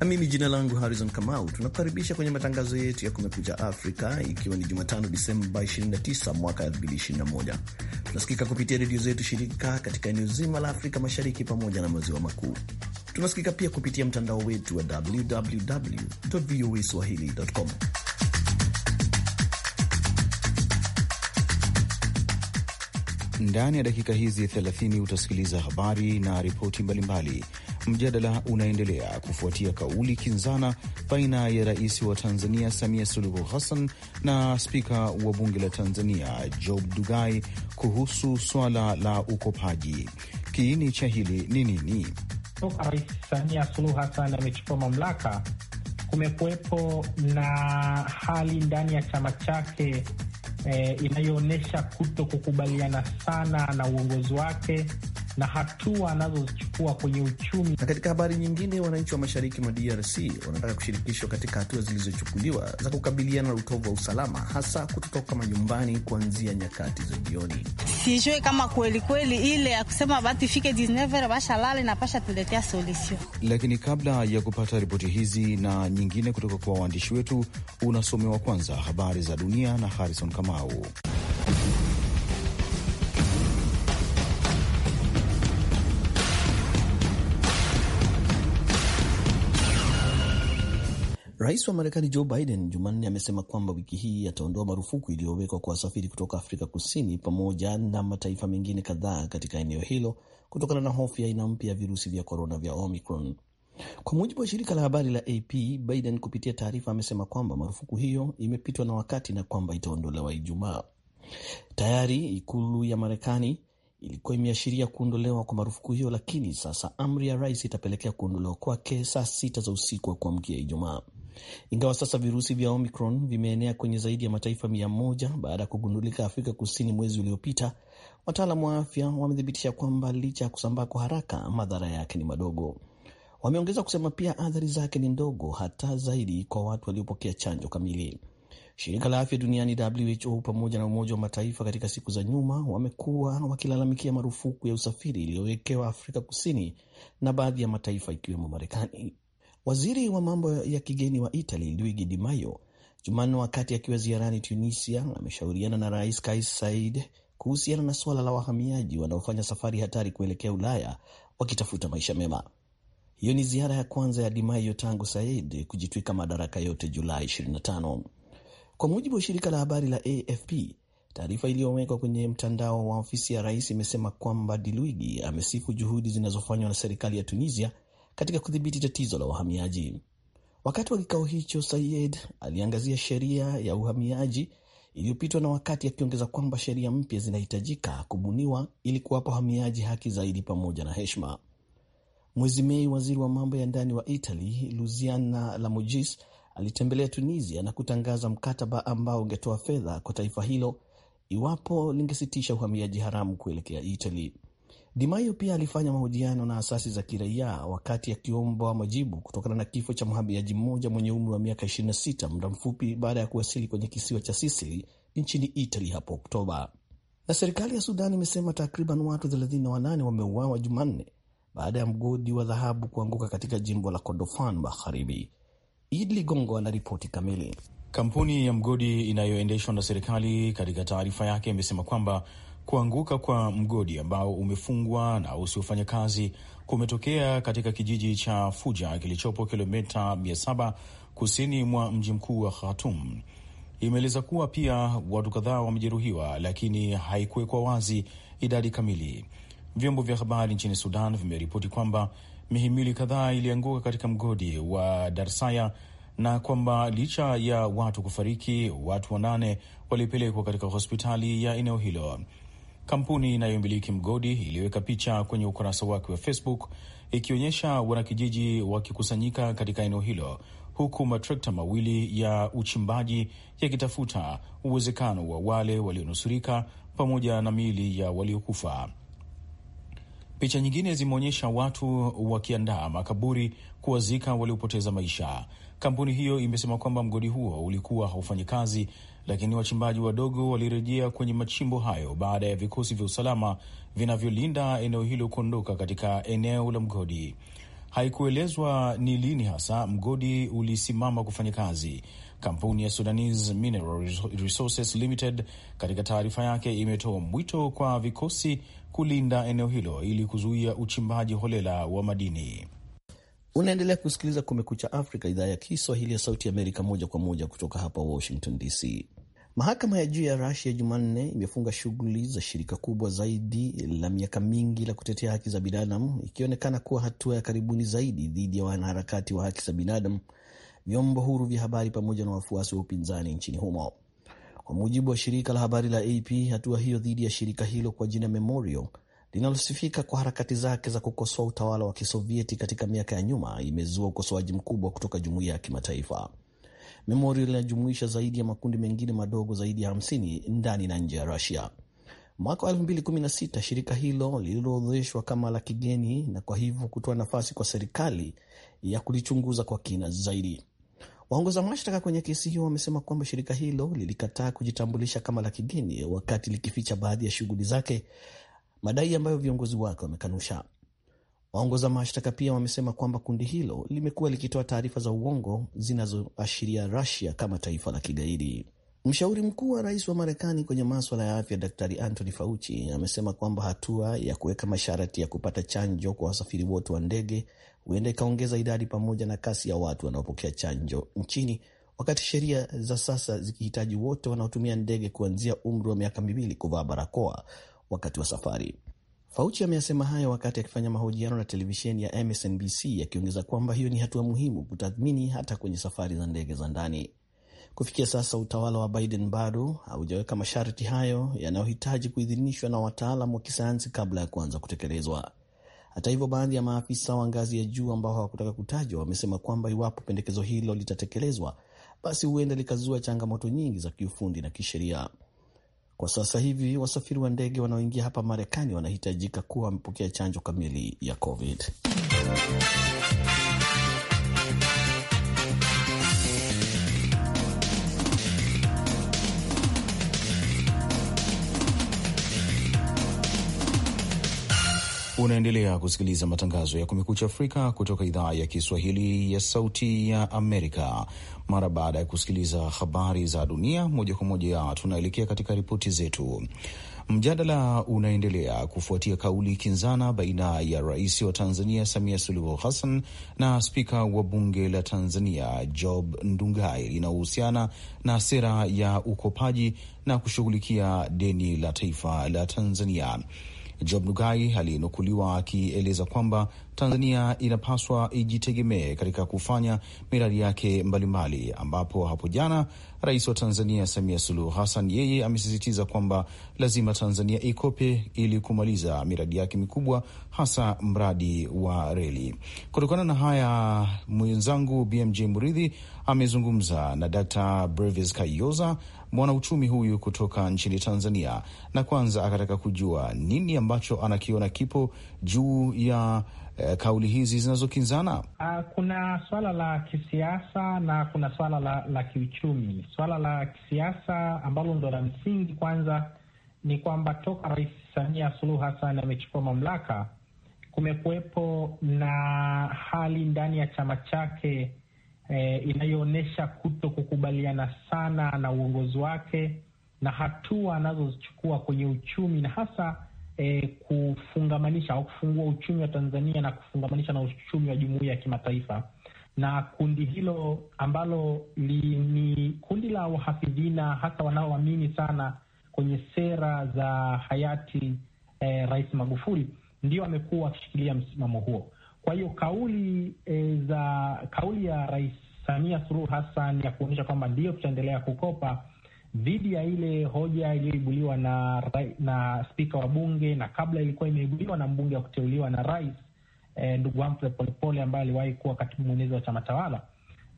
na mimi jina langu Harrison Kamau. Tunakukaribisha kwenye matangazo yetu ya Kumekucha Afrika, ikiwa ni Jumatano Disemba 29 mwaka 2021. Tunasikika kupitia redio zetu shirika katika eneo zima la Afrika Mashariki pamoja na maziwa makuu. Tunasikika pia kupitia mtandao wetu wa www.voaswahili.com. Ndani ya dakika hizi 30 utasikiliza habari na ripoti mbalimbali Mjadala unaendelea kufuatia kauli kinzana baina ya rais wa Tanzania Samia Suluhu Hassan na spika wa bunge la Tanzania Job Dugai kuhusu swala la ukopaji. Kiini cha hili ni nini? Toka Rais Samia Suluhu Hassan amechukua mamlaka, kumekuwepo na hali ndani ya chama chake eh, inayoonyesha kuto kukubaliana sana na uongozi wake na hatua anazozichukua kwenye uchumi. Na katika habari nyingine, wananchi wa mashariki mwa DRC wanataka kushirikishwa katika hatua zilizochukuliwa za kukabiliana na utovu wa usalama, hasa kutotoka majumbani kuanzia nyakati za jioni. Sijue kama kweli kweli ile ya kusema bati fike 19 na pasha tuletea solution. Lakini kabla ya kupata ripoti hizi na nyingine kutoka kwa waandishi wetu, unasomewa kwanza habari za dunia na Harrison Kamau. Rais wa Marekani Joe Biden Jumanne amesema kwamba wiki hii ataondoa marufuku iliyowekwa kwa wasafiri kutoka Afrika Kusini pamoja na mataifa mengine kadhaa katika eneo hilo kutokana na hofu ya aina mpya ya virusi vya korona vya Omicron. Kwa mujibu wa shirika la habari la AP, Biden kupitia taarifa amesema kwamba marufuku hiyo imepitwa na wakati na kwamba itaondolewa Ijumaa. Tayari ikulu ya Marekani ilikuwa imeashiria kuondolewa kwa marufuku hiyo, lakini sasa amri ya rais itapelekea kuondolewa kwake saa sita za usiku wa kuamkia Ijumaa. Ingawa sasa virusi vya Omicron vimeenea kwenye zaidi ya mataifa mia moja baada ya kugundulika Afrika Kusini mwezi uliopita, wataalamu wa afya wamethibitisha kwamba licha ya kusambaa kwa haraka, madhara yake ni madogo. Wameongeza kusema pia athari zake ni ndogo, hata zaidi kwa watu waliopokea chanjo kamili. Shirika la afya duniani WHO pamoja na Umoja wa Mataifa katika siku za nyuma wamekuwa wakilalamikia marufuku ya usafiri iliyowekewa Afrika Kusini na baadhi ya mataifa ikiwemo Marekani Waziri wa mambo ya kigeni wa Italy Luigi Di Maio Jumanne, wakati akiwa ziarani Tunisia, ameshauriana na Rais Kais Said kuhusiana na suala la wahamiaji wanaofanya safari hatari kuelekea Ulaya wakitafuta maisha mema. Hiyo ni ziara ya kwanza ya Di Maio tangu Said kujitwika madaraka yote Julai 25, kwa mujibu wa shirika la habari la AFP. Taarifa iliyowekwa kwenye mtandao wa ofisi ya rais imesema kwamba Diluigi amesifu juhudi zinazofanywa na serikali ya Tunisia katika kudhibiti tatizo la uhamiaji. Wakati wa kikao hicho, Sayed aliangazia sheria ya uhamiaji iliyopitwa na wakati, akiongeza kwamba sheria mpya zinahitajika kubuniwa ili kuwapa wahamiaji haki zaidi pamoja na heshima. Mwezi Mei, waziri wa mambo ya ndani wa Italy Luciana Lamorgese alitembelea Tunisia na kutangaza mkataba ambao ungetoa fedha kwa taifa hilo iwapo lingesitisha uhamiaji haramu kuelekea Italy. Dimayo pia alifanya mahojiano na asasi za kiraia wakati akiomba majibu kutokana na kifo cha mhamiaji mmoja mwenye umri wa miaka 26 muda mfupi baada ya kuwasili kwenye kisiwa cha Sisili nchini Italy hapo Oktoba. Na serikali ya Sudan imesema takriban watu 38 wameuawa Jumanne baada ya mgodi wa dhahabu kuanguka katika jimbo la Kordofan Magharibi. Idi Ligongo anaripoti kamili. Kampuni ya mgodi inayoendeshwa na serikali katika taarifa yake imesema kwamba Kuanguka kwa mgodi ambao umefungwa na usiofanya kazi kumetokea katika kijiji cha Fuja kilichopo kilomita 700 kusini mwa mji mkuu wa Khartoum. Imeeleza kuwa pia watu kadhaa wamejeruhiwa, lakini haikuwekwa wazi idadi kamili. Vyombo vya habari nchini Sudan vimeripoti kwamba mihimili kadhaa ilianguka katika mgodi wa Darsaya na kwamba licha ya watu kufariki, watu wanane walipelekwa katika hospitali ya eneo hilo. Kampuni inayomiliki mgodi iliweka picha kwenye ukurasa wake wa Facebook ikionyesha wanakijiji wakikusanyika katika eneo hilo huku matrekta mawili ya uchimbaji yakitafuta uwezekano wa wale walionusurika pamoja na miili ya waliokufa. Picha nyingine zimeonyesha watu wakiandaa makaburi kuwazika waliopoteza maisha. Kampuni hiyo imesema kwamba mgodi huo ulikuwa haufanyi kazi lakini wachimbaji wadogo walirejea kwenye machimbo hayo baada ya vikosi vya usalama vinavyolinda eneo hilo kuondoka katika eneo la mgodi. Haikuelezwa ni lini hasa mgodi ulisimama kufanya kazi. Kampuni ya Sudanese Mineral Resources Limited katika taarifa yake imetoa mwito kwa vikosi kulinda eneo hilo ili kuzuia uchimbaji holela wa madini. Unaendelea kusikiliza Kumekucha Afrika, idhaa ya Kiswahili ya Sauti Amerika, moja kwa moja kutoka hapa Washington DC. Mahakama ya juu ya Rusia Jumanne imefunga shughuli za shirika kubwa zaidi la miaka mingi la kutetea haki za binadamu, ikionekana kuwa hatua ya karibuni zaidi dhidi ya wanaharakati wa haki za binadamu, vyombo huru vya habari pamoja na wafuasi wa upinzani nchini humo. Kwa mujibu wa shirika la habari la AP, hatua hiyo dhidi ya shirika hilo kwa jina Memorial linalosifika kwa harakati zake za kukosoa utawala wa kisovieti katika miaka ya nyuma imezua ukosoaji mkubwa kutoka jumuiya ya kimataifa. Memorial inajumuisha zaidi ya makundi mengine madogo zaidi ya 50 ndani na nje ya Rusia. Mwaka wa 2016 shirika hilo lililoorodheshwa kama la kigeni, na kwa hivyo kutoa nafasi kwa serikali ya kulichunguza kwa kina zaidi. Waongoza mashtaka kwenye kesi hiyo wamesema kwamba shirika hilo lilikataa kujitambulisha kama la kigeni, wakati likificha baadhi ya shughuli zake, madai ambayo viongozi wake wamekanusha. Waongoza mashtaka pia wamesema kwamba kundi hilo limekuwa likitoa taarifa za uongo zinazoashiria rasia kama taifa la kigaidi. Mshauri mkuu wa rais wa Marekani kwenye maswala ya afya Daktari Anthony Fauci amesema kwamba hatua ya kuweka masharti ya kupata chanjo kwa wasafiri wote wa ndege huenda ikaongeza idadi pamoja na kasi ya watu wanaopokea chanjo nchini, wakati sheria za sasa zikihitaji wote wanaotumia ndege kuanzia umri wa miaka miwili kuvaa barakoa wakati wa safari. Fauci ameyasema hayo wakati akifanya mahojiano na televisheni ya MSNBC, akiongeza kwamba hiyo ni hatua muhimu kutathmini hata kwenye safari za ndege za ndani. Kufikia sasa utawala wa Biden bado haujaweka masharti hayo yanayohitaji kuidhinishwa na wataalam wa kisayansi kabla ya kuanza kutekelezwa. Hata hivyo, baadhi ya maafisa wa ngazi ya juu ambao hawakutaka kutajwa wamesema kwamba iwapo pendekezo hilo litatekelezwa, basi huenda likazua changamoto nyingi za kiufundi na kisheria. Kwa sasa hivi wasafiri wa ndege wanaoingia hapa Marekani wanahitajika kuwa wamepokea chanjo kamili ya COVID. Unaendelea kusikiliza matangazo ya Kumekucha Afrika kutoka idhaa ya Kiswahili ya Sauti ya Amerika. Mara baada ya kusikiliza habari za dunia moja kwa moja, tunaelekea katika ripoti zetu. Mjadala unaendelea kufuatia kauli kinzana baina ya rais wa Tanzania Samia Suluhu Hassan na spika wa bunge la Tanzania Job Ndugai inayohusiana na sera ya ukopaji na kushughulikia deni la taifa la Tanzania. Job Ndugai aliyenukuliwa akieleza kwamba Tanzania inapaswa ijitegemee katika kufanya miradi yake mbalimbali, ambapo hapo jana Rais wa Tanzania Samia Suluhu Hassan yeye amesisitiza kwamba lazima Tanzania ikope ili kumaliza miradi yake mikubwa, hasa mradi wa reli. Kutokana na haya, mwenzangu BMJ Muridhi amezungumza na Dkt. Brevis Kayoza mwanauchumi huyu kutoka nchini Tanzania, na kwanza akataka kujua nini ambacho anakiona kipo juu ya eh, kauli hizi zinazokinzana. Uh, kuna swala la kisiasa na kuna swala la, la kiuchumi. Swala la kisiasa ambalo ndo la msingi kwanza ni kwamba toka Rais Samia Suluhu Hassan amechukua mamlaka kumekuwepo na hali ndani ya chama chake e, inayoonyesha kuto kukubaliana sana na uongozi wake na hatua anazozichukua kwenye uchumi na hasa e, kufungamanisha au kufungua uchumi wa Tanzania na kufungamanisha na uchumi wa jumuiya ya kimataifa. Na kundi hilo ambalo li, ni kundi la wahafidhina hasa wanaoamini sana kwenye sera za hayati eh, Rais Magufuli ndio amekuwa akishikilia msimamo huo. Kwa hiyo kauli e, za kauli ya Rais Samia Suluhu Hassan ya kuonyesha kwamba ndiyo tutaendelea kukopa dhidi ya ile hoja iliyoibuliwa na na spika wa bunge na kabla ilikuwa imeibuliwa na mbunge wa kuteuliwa na rais e, ndugu Humphrey Polepole ambaye aliwahi kuwa katibu mwenezi wa chama tawala,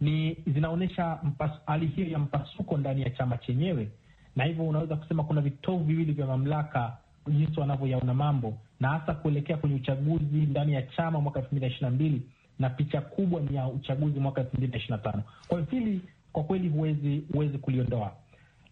ni zinaonyesha hali hiyo ya mpasuko ndani ya chama chenyewe, na hivyo unaweza kusema kuna vitovu viwili vya mamlaka jinsi wanavyoyaona mambo na hasa kuelekea kwenye uchaguzi ndani ya chama mwaka elfu mbili na ishirini na mbili na picha kubwa ni ya uchaguzi mwaka elfu mbili na ishirini na tano. Kwa hiyo hili kwa kweli huwezi huwezi kuliondoa,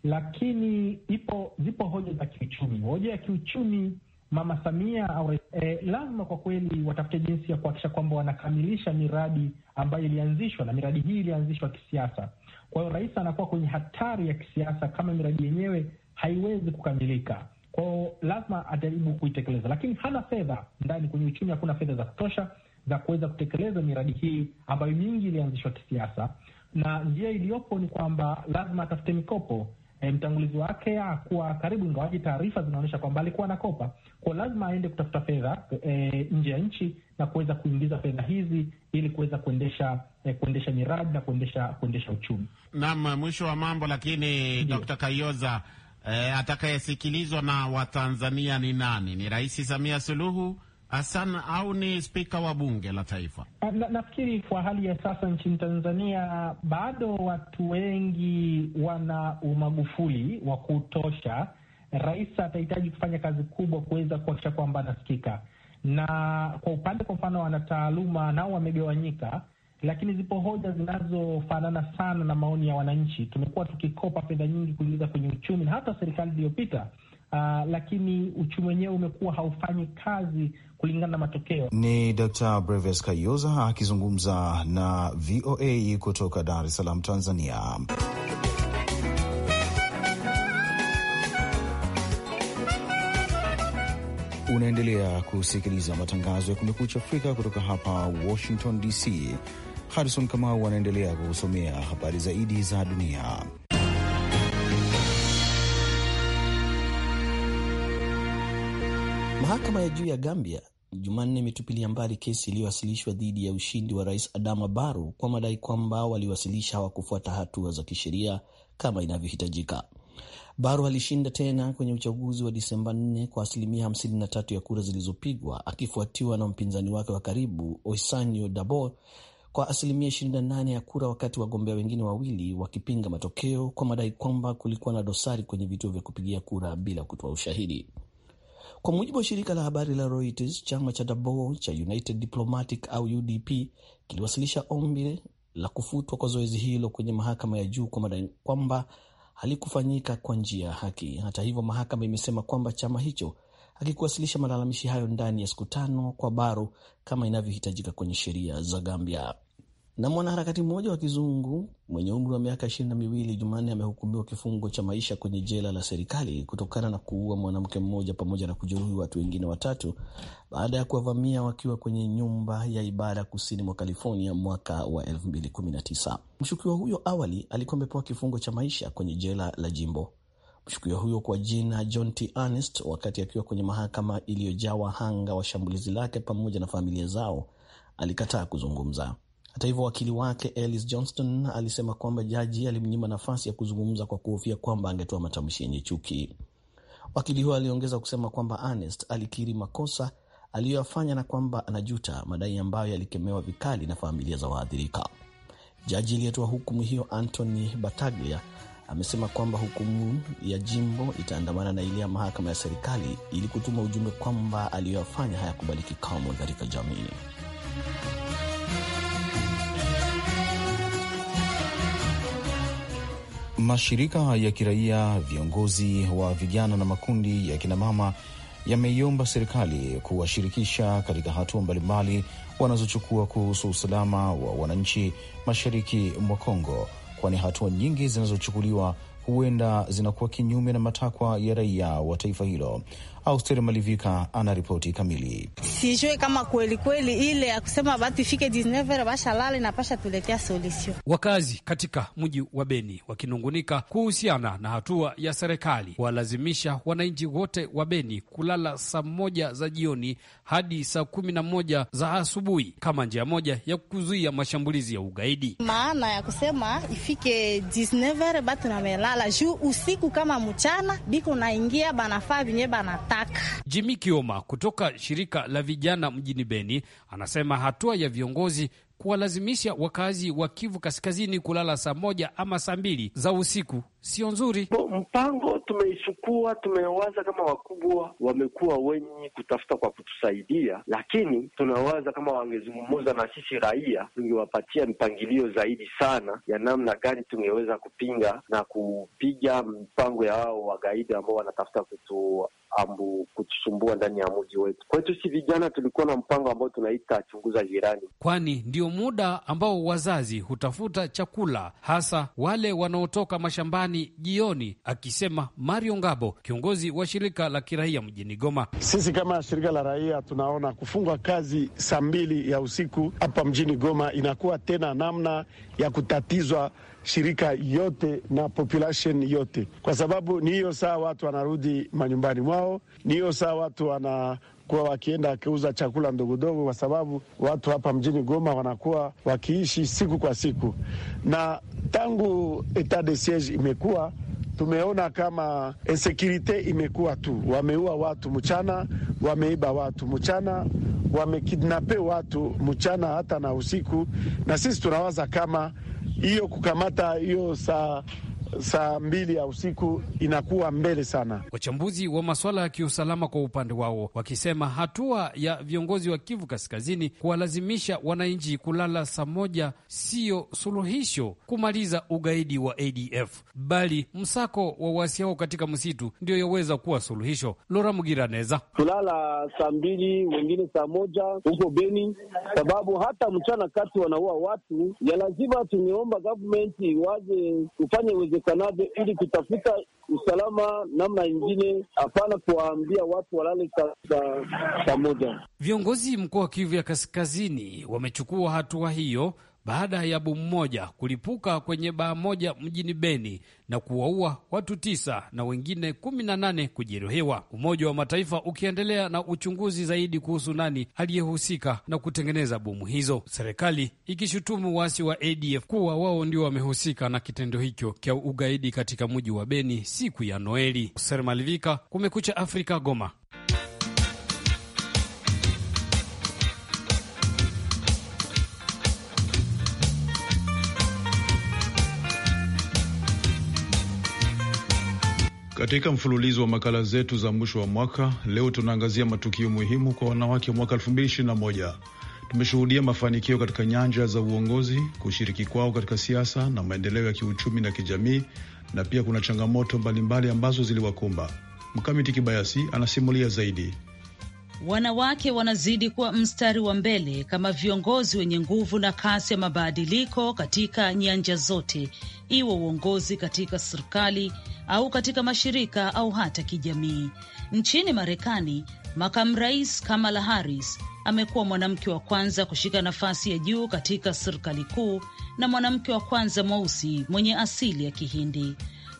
lakini ipo zipo hoja za kiuchumi. Hoja ya kiuchumi Mama Samia au eh, lazima kwa kweli watafute jinsi ya kuhakikisha kwamba wanakamilisha miradi ambayo ilianzishwa, na miradi hii ilianzishwa kisiasa. Kwa hiyo rais anakuwa kwenye hatari ya kisiasa kama miradi yenyewe haiwezi kukamilika kwao, lazima ajaribu kuitekeleza, lakini hana fedha ndani. Kwenye uchumi hakuna fedha za kutosha za kuweza kutekeleza miradi hii ambayo mingi ilianzishwa kisiasa, na njia iliyopo ni kwamba lazima atafute mikopo. E, mtangulizi wake akuwa karibu, ingawaji taarifa zinaonyesha kwamba alikuwa anakopa, kwa lazima aende kutafuta fedha e, nje ya nchi na kuweza kuingiza fedha hizi ili kuweza kuendesha e, kuendesha miradi na kuendesha kuendesha uchumi. Naam, mwisho wa mambo. Lakini d Kayoza eh, atakayesikilizwa na Watanzania ni nani? Ni Rais Samia Suluhu Hassan au ni spika wa bunge la taifa? Na, nafikiri kwa hali ya sasa nchini Tanzania bado watu wengi wana umagufuli wa kutosha. Rais atahitaji kufanya kazi kubwa kuweza kuhakikisha kwamba anasikika, na kwa upande kwa mfano wanataaluma nao wamegawanyika lakini zipo hoja zinazofanana sana na maoni ya wananchi. Tumekuwa tukikopa fedha nyingi kuingiza kwenye uchumi na hata serikali iliyopita Uh, lakini uchumi wenyewe umekuwa haufanyi kazi kulingana na matokeo. Ni Dr. Breves Kayoza akizungumza na VOA kutoka Dar es Salaam, Tanzania. Unaendelea kusikiliza matangazo ya Kumekucha Afrika kutoka hapa Washington DC. Harison Kamau anaendelea kukusomea habari zaidi za dunia. Mahakama ya juu ya Gambia Jumanne imetupilia mbali kesi iliyowasilishwa dhidi ya ushindi wa rais Adama baro kwa madai kwamba waliwasilisha hawakufuata hatua za kisheria kama inavyohitajika. baro alishinda tena kwenye uchaguzi wa Disemba 4 kwa asilimia 53 ya kura zilizopigwa, akifuatiwa na mpinzani wake wa karibu Osanyo Dabo kwa asilimia 28 ya kura, wakati wagombea wengine wawili wakipinga matokeo kwa madai kwamba kulikuwa na dosari kwenye vituo vya kupigia kura bila kutoa ushahidi. Kwa mujibu wa shirika la habari la Reuters, chama cha Dabo cha United Diplomatic au UDP kiliwasilisha ombi la kufutwa kwa zoezi hilo kwenye mahakama ya juu kwa madai kwamba halikufanyika kwa njia ya haki. Hata hivyo, mahakama imesema kwamba chama hicho hakikuwasilisha malalamishi hayo ndani ya siku tano kwa baro kama inavyohitajika kwenye sheria za Gambia. Na mwanaharakati mmoja wa kizungu mwenye umri wa miaka ishirini na miwili Jumanne amehukumiwa kifungo cha maisha kwenye jela la serikali kutokana na kuua mwanamke mmoja pamoja na kujeruhi watu wengine watatu baada ya kuwavamia wakiwa kwenye nyumba ya ibada kusini mwa California mwaka wa 2019. Mshukiwa huyo awali alikuwa amepewa kifungo cha maisha kwenye jela la jimbo. Mshukiwa huyo kwa jina John T. Ernest, wakati akiwa kwenye mahakama iliyojaa wahanga wa shambulizi lake pamoja na familia zao, alikataa kuzungumza. Hata hivyo, wakili wake Ellis Johnston alisema kwamba jaji alimnyima nafasi ya kuzungumza kwa kuhofia kwamba angetoa matamshi yenye chuki. Wakili huyo aliongeza kusema kwamba Ernest alikiri makosa aliyoyafanya na kwamba anajuta, madai ambayo yalikemewa vikali na familia za waathirika. Jaji aliyetoa hukumu hiyo Anthony Battaglia amesema kwamba hukumu ya jimbo itaandamana na ile ya mahakama ya serikali ili kutuma ujumbe kwamba aliyoyafanya hayakubaliki kamwe katika jamii. Mashirika ya kiraia, viongozi wa vijana na makundi ya kinamama yameiomba serikali kuwashirikisha katika hatua mbalimbali wanazochukua kuhusu usalama wa wananchi mashariki mwa Kongo, kwani hatua nyingi zinazochukuliwa huenda zinakuwa kinyume na matakwa ya raia wa taifa hilo. Austeri Malivika ana ripoti kamili. Sijue kama kweli kweli ile ya kusema batu ifike disnevere na pasha tuletea solusio. Wakazi katika mji wa Beni wakinungunika kuhusiana na hatua ya serikali walazimisha wananchi wote wa Beni kulala saa moja za jioni hadi saa kumi na moja za asubuhi kama njia moja ya kuzuia mashambulizi ya ugaidi. Maana ya kusema ifike disnevere batu namelala juu usiku kama mchana biko naingia banafaa vinye banata back. Jimmy Kioma kutoka shirika la vijana mjini Beni anasema hatua ya viongozi kuwalazimisha wakazi wa Kivu Kaskazini kulala saa moja ama saa mbili za usiku sio nzuri. Mpango tumeichukua, tumewaza kama wakubwa wamekuwa wenye kutafuta kwa kutusaidia, lakini tunawaza kama wangezungumuza na sisi raia, tungewapatia mipangilio zaidi sana ya namna gani tungeweza kupinga na kupiga mpango ya hao wagaidi ambao wanatafuta kutu ambu kutusumbua ndani ya mji wetu. Kwetu si vijana, tulikuwa na mpango ambao tunaita chunguza jirani, kwani ndio muda ambao wazazi hutafuta chakula, hasa wale wanaotoka mashambani Jumanne jioni, akisema Mario Ngabo, kiongozi wa shirika la kiraia mjini Goma. Sisi kama shirika la raia tunaona kufungwa kazi saa mbili ya usiku hapa mjini Goma inakuwa tena namna ya kutatizwa shirika yote na population yote, kwa sababu ni hiyo saa watu wanarudi manyumbani mwao, ni hiyo saa watu wana kuwa wakienda wakiuza chakula ndogondogo, kwa sababu watu hapa mjini Goma wanakuwa wakiishi siku kwa siku, na tangu etat de siege imekuwa tumeona kama insekurite imekuwa tu, wameua watu mchana, wameiba watu mchana, wamekidnape watu mchana, hata na usiku. Na sisi tunawaza kama hiyo kukamata hiyo saa saa mbili ya usiku inakuwa mbele sana. Wachambuzi wa masuala ya kiusalama kwa upande wao wakisema hatua ya viongozi wa Kivu Kaskazini kuwalazimisha wananchi kulala saa moja siyo suluhisho kumaliza ugaidi wa ADF, bali msako wa wasi hao katika msitu ndio yaweza kuwa suluhisho. Lora Mugiraneza: kulala saa mbili, wengine saa moja huko Beni, sababu hata mchana kati wanaua watu. Ya lazima tumeomba gavumenti waje kufanya SANADE ili kutafuta usalama namna ingine, hapana kuwaambia watu walale pamoja. Viongozi mkoa wa Kivu ya Kaskazini wamechukua hatua hiyo baada ya bomu moja kulipuka kwenye baa moja mjini Beni na kuwaua watu tisa na wengine kumi na nane kujeruhiwa. Umoja wa Mataifa ukiendelea na uchunguzi zaidi kuhusu nani aliyehusika na kutengeneza bomu hizo, serikali ikishutumu waasi wa ADF kuwa wao ndio wamehusika na kitendo hicho cha ugaidi katika mji wa Beni siku ya Noeli. Ser Malivika, Kumekucha Afrika, Goma. Katika mfululizo wa makala zetu za mwisho wa mwaka, leo tunaangazia matukio muhimu kwa wanawake mwaka 2021. Tumeshuhudia mafanikio katika nyanja za uongozi, kushiriki kwao katika siasa na maendeleo ya kiuchumi na kijamii, na pia kuna changamoto mbalimbali ambazo ziliwakumba. Mkamiti Kibayasi anasimulia zaidi. Wanawake wanazidi kuwa mstari wa mbele kama viongozi wenye nguvu na kasi ya mabadiliko katika nyanja zote, iwe uongozi katika serikali au katika mashirika au hata kijamii. Nchini Marekani, makamu rais Kamala Harris amekuwa mwanamke wa kwanza kushika nafasi ya juu katika serikali kuu na mwanamke wa kwanza mweusi mwenye asili ya Kihindi.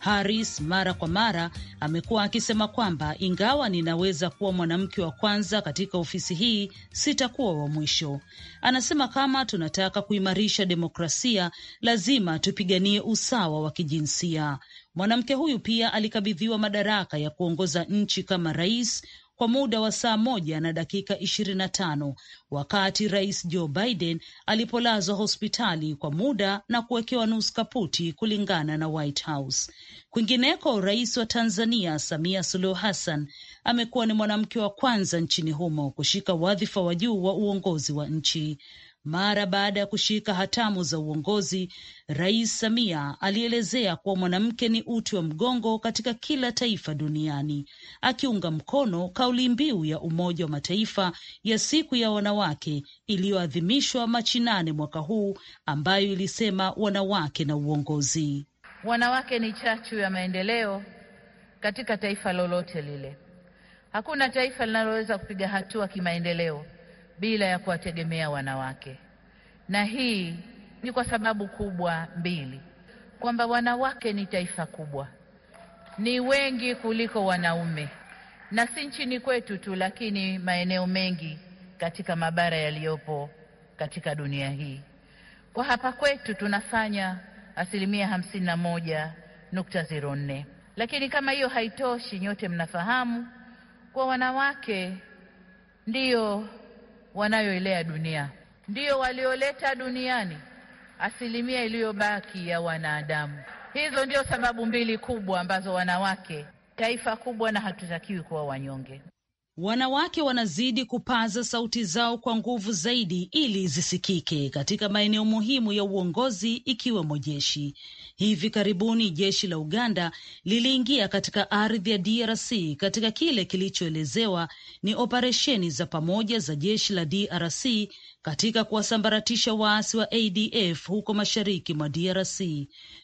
Harris mara kwa mara amekuwa akisema kwamba ingawa ninaweza kuwa mwanamke wa kwanza katika ofisi hii, sitakuwa wa mwisho. Anasema kama tunataka kuimarisha demokrasia, lazima tupiganie usawa wa kijinsia. Mwanamke huyu pia alikabidhiwa madaraka ya kuongoza nchi kama rais kwa muda wa saa moja na dakika ishirini na tano wakati rais Joe Biden alipolazwa hospitali kwa muda na kuwekewa nusu kaputi kulingana na White House. Kwingineko, rais wa Tanzania Samia Suluhu Hassan amekuwa ni mwanamke wa kwanza nchini humo kushika wadhifa wa juu wa uongozi wa nchi. Mara baada ya kushika hatamu za uongozi, Rais Samia alielezea kuwa mwanamke ni uti wa mgongo katika kila taifa duniani, akiunga mkono kauli mbiu ya Umoja wa Mataifa ya siku ya wanawake iliyoadhimishwa Machi nane mwaka huu, ambayo ilisema wanawake na uongozi. Wanawake ni chachu ya maendeleo katika taifa lolote lile. Hakuna taifa linaloweza kupiga hatua kimaendeleo bila ya kuwategemea wanawake, na hii ni kwa sababu kubwa mbili, kwamba wanawake ni taifa kubwa, ni wengi kuliko wanaume, na si nchini kwetu tu, lakini maeneo mengi katika mabara yaliyopo katika dunia hii. Kwa hapa kwetu tunafanya asilimia hamsini na moja nukta zero nne, lakini kama hiyo haitoshi, nyote mnafahamu kwa wanawake ndiyo wanayoilea dunia, ndiyo walioleta duniani asilimia iliyobaki ya wanadamu. Hizo ndio sababu mbili kubwa ambazo wanawake taifa kubwa, na hatutakiwi kuwa wanyonge. Wanawake wanazidi kupaza sauti zao kwa nguvu zaidi ili zisikike katika maeneo muhimu ya uongozi ikiwemo jeshi. Hivi karibuni jeshi la Uganda liliingia katika ardhi ya DRC katika kile kilichoelezewa ni operesheni za pamoja za jeshi la DRC katika kuwasambaratisha waasi wa ADF huko mashariki mwa DRC.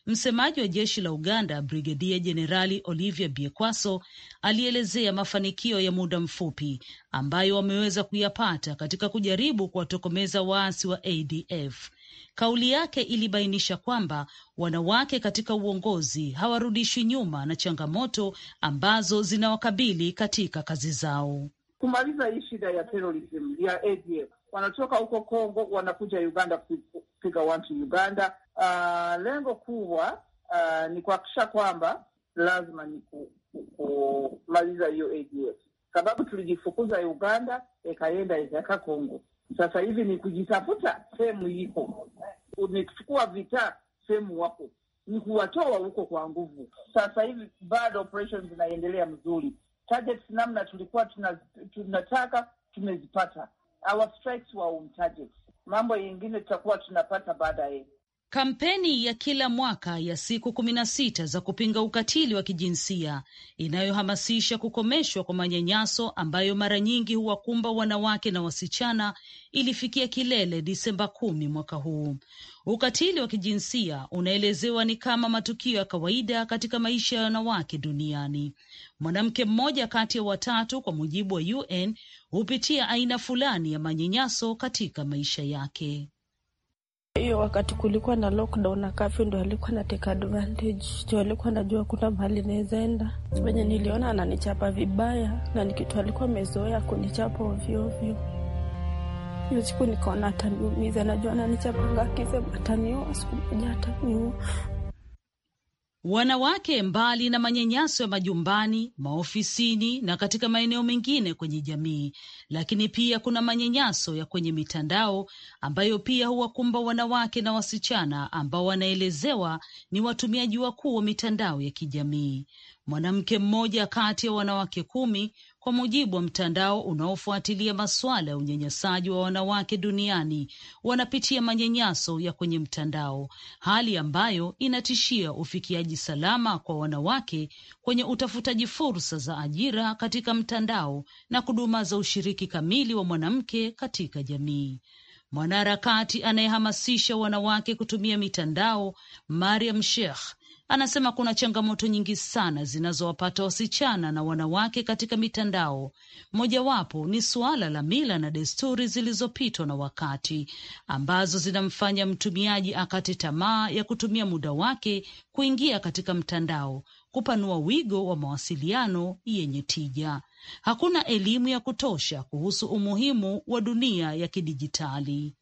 Msemaji wa jeshi la Uganda, Brigedia Jenerali Olivia Biekwaso, alielezea mafanikio ya muda mfupi ambayo wameweza kuyapata katika kujaribu kuwatokomeza waasi wa ADF. Kauli yake ilibainisha kwamba wanawake katika uongozi hawarudishwi nyuma na changamoto ambazo zinawakabili katika kazi zao. Kumaliza hii shida ya terrorism ya ADF wanatoka huko Kongo wanakuja Uganda kupiga wantu Uganda. Uh, lengo kubwa uh, ni kuhakikisha kwamba lazima ni kumaliza hiyo ADF sababu tulijifukuza Uganda ikaenda ikaweka Kongo. Sasa hivi ni kujitafuta sehemu iko, nikuchukua vitaa vita sehemu wako, ni kuwatoa huko kwa nguvu. Sasa hivi bado operations zinaendelea mzuri, targets namna tulikuwa tunataka tumezipata our strikes were on target. Mambo yingine tutakuwa tunapata baadaye. Kampeni ya kila mwaka ya siku kumi na sita za kupinga ukatili wa kijinsia inayohamasisha kukomeshwa kwa manyanyaso ambayo mara nyingi huwakumba wanawake na wasichana ilifikia kilele Disemba kumi mwaka huu. Ukatili wa kijinsia unaelezewa ni kama matukio ya kawaida katika maisha ya wanawake duniani. Mwanamke mmoja kati ya watatu, kwa mujibu wa UN, hupitia aina fulani ya manyanyaso katika maisha yake hiyo wakati kulikuwa na lockdown na kafyu ndo alikuwa na take advantage, ndo alikuwa anajua kuna mahali naweza enda. Venye niliona ananichapa vibaya, na nikitu alikuwa amezoea kunichapa ovyoovyo. Hiyo siku nikaona ataniumiza, najua ananichapa ngakisema ataniua, siku moja ataniua wanawake mbali na manyanyaso ya majumbani, maofisini na katika maeneo mengine kwenye jamii, lakini pia kuna manyanyaso ya kwenye mitandao ambayo pia huwakumba wanawake na wasichana ambao wanaelezewa ni watumiaji wakuu wa mitandao ya kijamii. Mwanamke mmoja kati ya wanawake kumi kwa mujibu wa mtandao unaofuatilia masuala ya unyanyasaji wa wanawake duniani, wanapitia manyanyaso ya kwenye mtandao, hali ambayo inatishia ufikiaji salama kwa wanawake kwenye utafutaji fursa za ajira katika mtandao na kudumaza ushiriki kamili wa mwanamke katika jamii. Mwanaharakati anayehamasisha wanawake kutumia mitandao Mariam Sheikh Anasema kuna changamoto nyingi sana zinazowapata wasichana na wanawake katika mitandao. Mojawapo ni suala la mila na desturi zilizopitwa na wakati, ambazo zinamfanya mtumiaji akate tamaa ya kutumia muda wake kuingia katika mtandao, kupanua wigo wa mawasiliano yenye tija. Hakuna elimu ya kutosha kuhusu umuhimu wa dunia ya kidijitali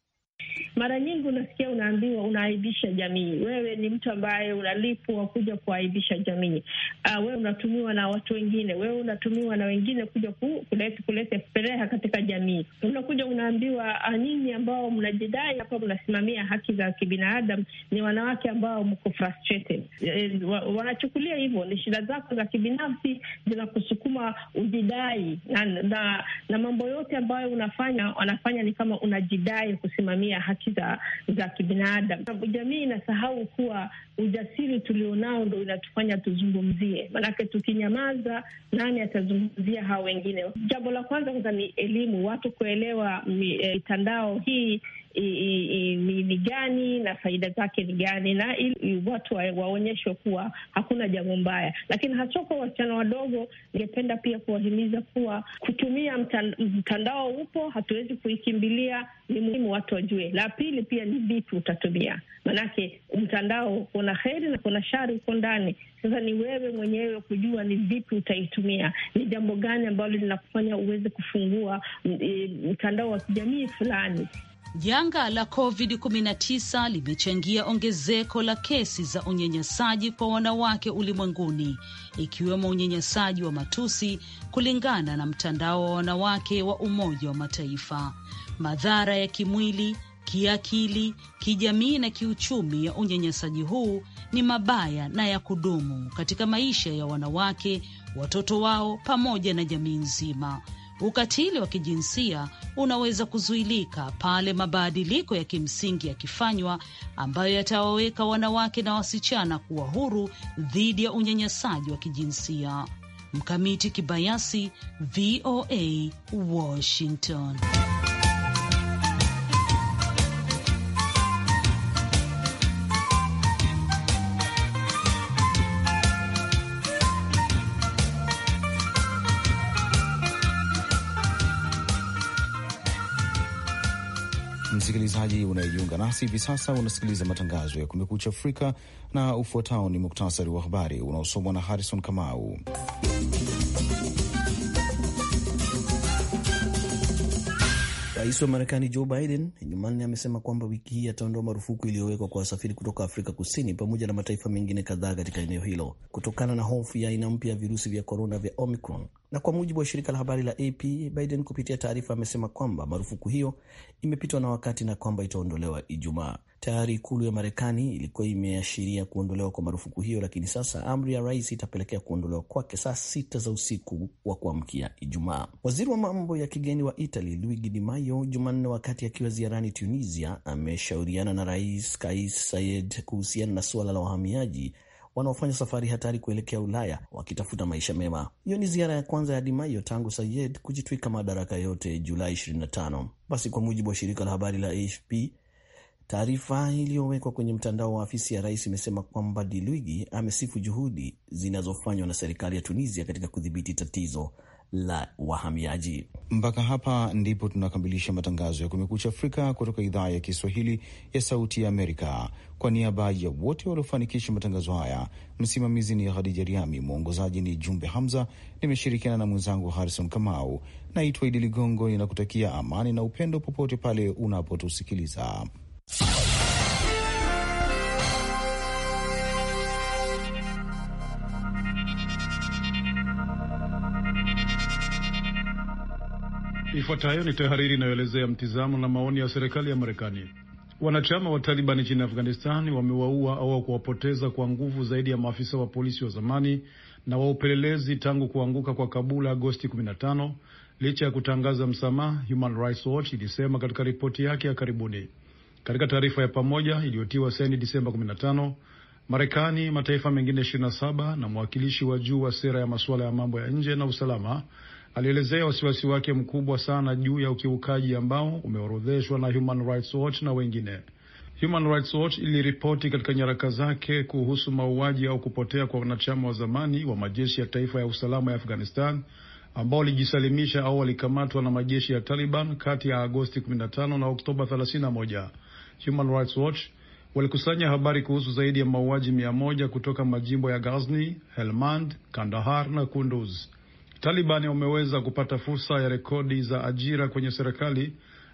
mara nyingi unasikia unaambiwa unaaibisha jamii, wewe ni mtu ambaye unalipwa kuja kuaibisha jamii. Uh, wewe unatumiwa na watu wengine, wewe unatumiwa na wengine kuja kuleta kulete fereha katika jamii. Unakuja unaambiwa, uh, nyinyi ambao mnajidai hapa mnasimamia haki za kibinadamu ni wanawake ambao mko frustrated. Eh, eh, wanachukulia hivyo ni shida zako za kibinafsi zinakusukuma ujidai na, na, na mambo yote ambayo unafanya wanafanya ni kama unajidai kusimamia haki haki za, za kibinadamu. Jamii inasahau kuwa ujasiri tulionao ndo inatufanya tuzungumzie, manake tukinyamaza, nani atazungumzia hawa wengine? Jambo la kwanza kwanza ni elimu, watu kuelewa eh, mitandao hii ni gani na faida zake ni gani, na ili watu wa, waonyeshwe kuwa hakuna jambo mbaya. Lakini hasa kwa wasichana wadogo, ningependa pia kuwahimiza kuwa kutumia mtandao, mtandao upo, hatuwezi kuikimbilia, ni muhimu watu wajue. La pili pia ni vipi utatumia, maanake mtandao kuna heri na kuna shari huko ndani. Sasa ni wewe mwenyewe kujua ni vipi utaitumia, ni jambo gani ambalo linakufanya uweze kufungua mm, eh, mtandao wa kijamii fulani Janga la COVID-19 limechangia ongezeko la kesi za unyanyasaji kwa wanawake ulimwenguni, ikiwemo unyanyasaji wa matusi, kulingana na mtandao wa wanawake wa Umoja wa Mataifa. Madhara ya kimwili, kiakili, kijamii na kiuchumi ya unyanyasaji huu ni mabaya na ya kudumu katika maisha ya wanawake, watoto wao, pamoja na jamii nzima. Ukatili wa kijinsia unaweza kuzuilika pale mabadiliko ya kimsingi yakifanywa, ambayo yatawaweka wanawake na wasichana kuwa huru dhidi ya unyanyasaji wa kijinsia. Mkamiti Kibayasi, VOA, Washington. msikilizaji unayejiunga nasi hivi sasa, unasikiliza matangazo ya Kumekucha Afrika, na ufuatao ni muktasari wa habari unaosomwa na Harrison Kamau. Rais wa Marekani Joe Biden Jumanne amesema kwamba wiki hii ataondoa marufuku iliyowekwa kwa wasafiri kutoka Afrika Kusini pamoja na mataifa mengine kadhaa katika eneo hilo kutokana na hofu ya aina mpya ya virusi vya korona vya Omicron. Na kwa mujibu wa shirika la habari la AP, Biden kupitia taarifa amesema kwamba marufuku hiyo imepitwa na wakati na kwamba itaondolewa Ijumaa. Tayari ikulu ya Marekani ilikuwa imeashiria kuondolewa kwa marufuku hiyo, lakini sasa amri ya rais itapelekea kuondolewa kwake saa sita za usiku wa kuamkia Ijumaa. Waziri wa mambo ya kigeni wa Italy Luigi Di Maio Jumanne, wakati akiwa ziarani Tunisia, ameshauriana na rais Kais Saied kuhusiana na suala la wahamiaji wanaofanya safari hatari kuelekea Ulaya wakitafuta maisha mema. Hiyo ni ziara ya kwanza ya Dimayo tangu Sayed kujitwika madaraka yote Julai 25. Basi, kwa mujibu wa shirika la habari la AFP, Taarifa iliyowekwa kwenye mtandao wa afisi ya rais imesema kwamba Diluigi amesifu juhudi zinazofanywa na serikali ya Tunisia katika kudhibiti tatizo la wahamiaji. Mpaka hapa ndipo tunakamilisha matangazo ya Kumekucha Afrika kutoka idhaa ya Kiswahili ya Sauti ya Amerika. Kwa niaba ya wote waliofanikisha matangazo haya, msimamizi ni Khadija Riami, mwongozaji ni Jumbe Hamza, nimeshirikiana na mwenzangu Harrison Kamau. Naitwa Idi Ligongo, ninakutakia amani na upendo popote pale unapotusikiliza. Ifuatayo ni tahariri inayoelezea mtizamo na maoni ya serikali ya Marekani. Wanachama wa Taliban nchini Afghanistani wamewaua au kuwapoteza kwa nguvu zaidi ya maafisa wa polisi wa zamani na wa upelelezi tangu kuanguka kwa Kabul Agosti 15 licha ya kutangaza msamaha, Human Rights Watch ilisema katika ripoti yake ya karibuni. Katika taarifa ya pamoja iliyotiwa saini Disemba 15, Marekani, mataifa mengine 27 na mwakilishi wa juu wa sera ya masuala ya mambo ya nje na usalama alielezea wasiwasi wake mkubwa sana juu ya ukiukaji ambao umeorodheshwa na Human Rights Watch na wengine. Human Rights Watch iliripoti katika nyaraka zake kuhusu mauaji au kupotea kwa wanachama wa zamani wa majeshi ya taifa ya usalama ya Afghanistan ambao walijisalimisha au walikamatwa na majeshi ya Taliban kati ya Agosti 15 na Oktoba 31. Human Rights Watch walikusanya habari kuhusu zaidi ya mauaji mia moja kutoka majimbo ya Ghazni, Helmand, Kandahar na Kunduz. Talibani wameweza kupata fursa ya rekodi za ajira kwenye serikali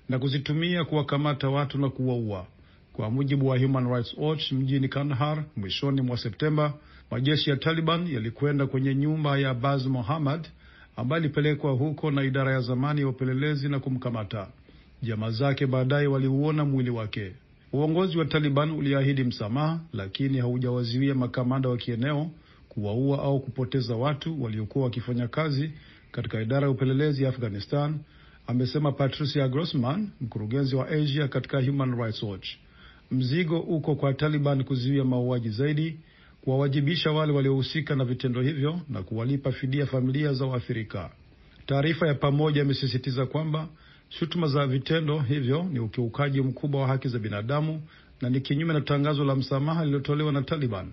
na kuzitumia kuwakamata watu na kuwaua. Kwa mujibu wa Human Rights Watch mjini Kandahar, mwishoni mwa Septemba, majeshi ya Taliban yalikwenda kwenye nyumba ya Baz Mohammad ambaye alipelekwa huko na idara ya zamani ya upelelezi na kumkamata. Jamaa zake baadaye waliuona mwili wake. Uongozi wa Taliban uliahidi msamaha, lakini haujawazuia makamanda wa kieneo kuwaua au kupoteza watu waliokuwa wakifanya kazi katika idara ya upelelezi ya Afghanistan, amesema Patricia Grossman, mkurugenzi wa Asia katika Human Rights Watch. Mzigo uko kwa Taliban kuzuia mauaji zaidi, kuwawajibisha wale waliohusika na vitendo hivyo na kuwalipa fidia familia za waathirika. Taarifa ya pamoja imesisitiza kwamba Shutuma za vitendo hivyo ni ukiukaji mkubwa wa haki za binadamu na ni kinyume na tangazo la msamaha lililotolewa na Taliban.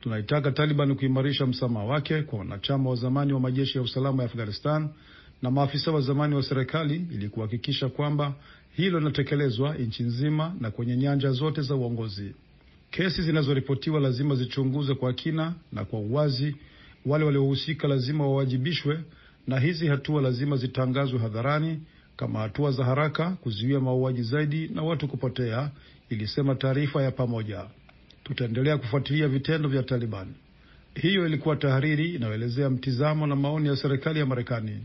Tunaitaka Taliban kuimarisha msamaha wake kwa wanachama wa zamani wa majeshi ya usalama ya Afghanistan na maafisa wa zamani wa serikali ili kuhakikisha kwamba hilo linatekelezwa nchi nzima na kwenye nyanja zote za uongozi. Kesi zinazoripotiwa lazima zichunguzwe kwa kina na kwa uwazi. Wale waliohusika lazima wawajibishwe, na hizi hatua lazima zitangazwe hadharani kama hatua za haraka kuzuia mauaji zaidi na watu kupotea, ilisema taarifa ya pamoja. Tutaendelea kufuatilia vitendo vya Taliban. Hiyo ilikuwa tahariri inayoelezea mtizamo na maoni ya serikali ya Marekani.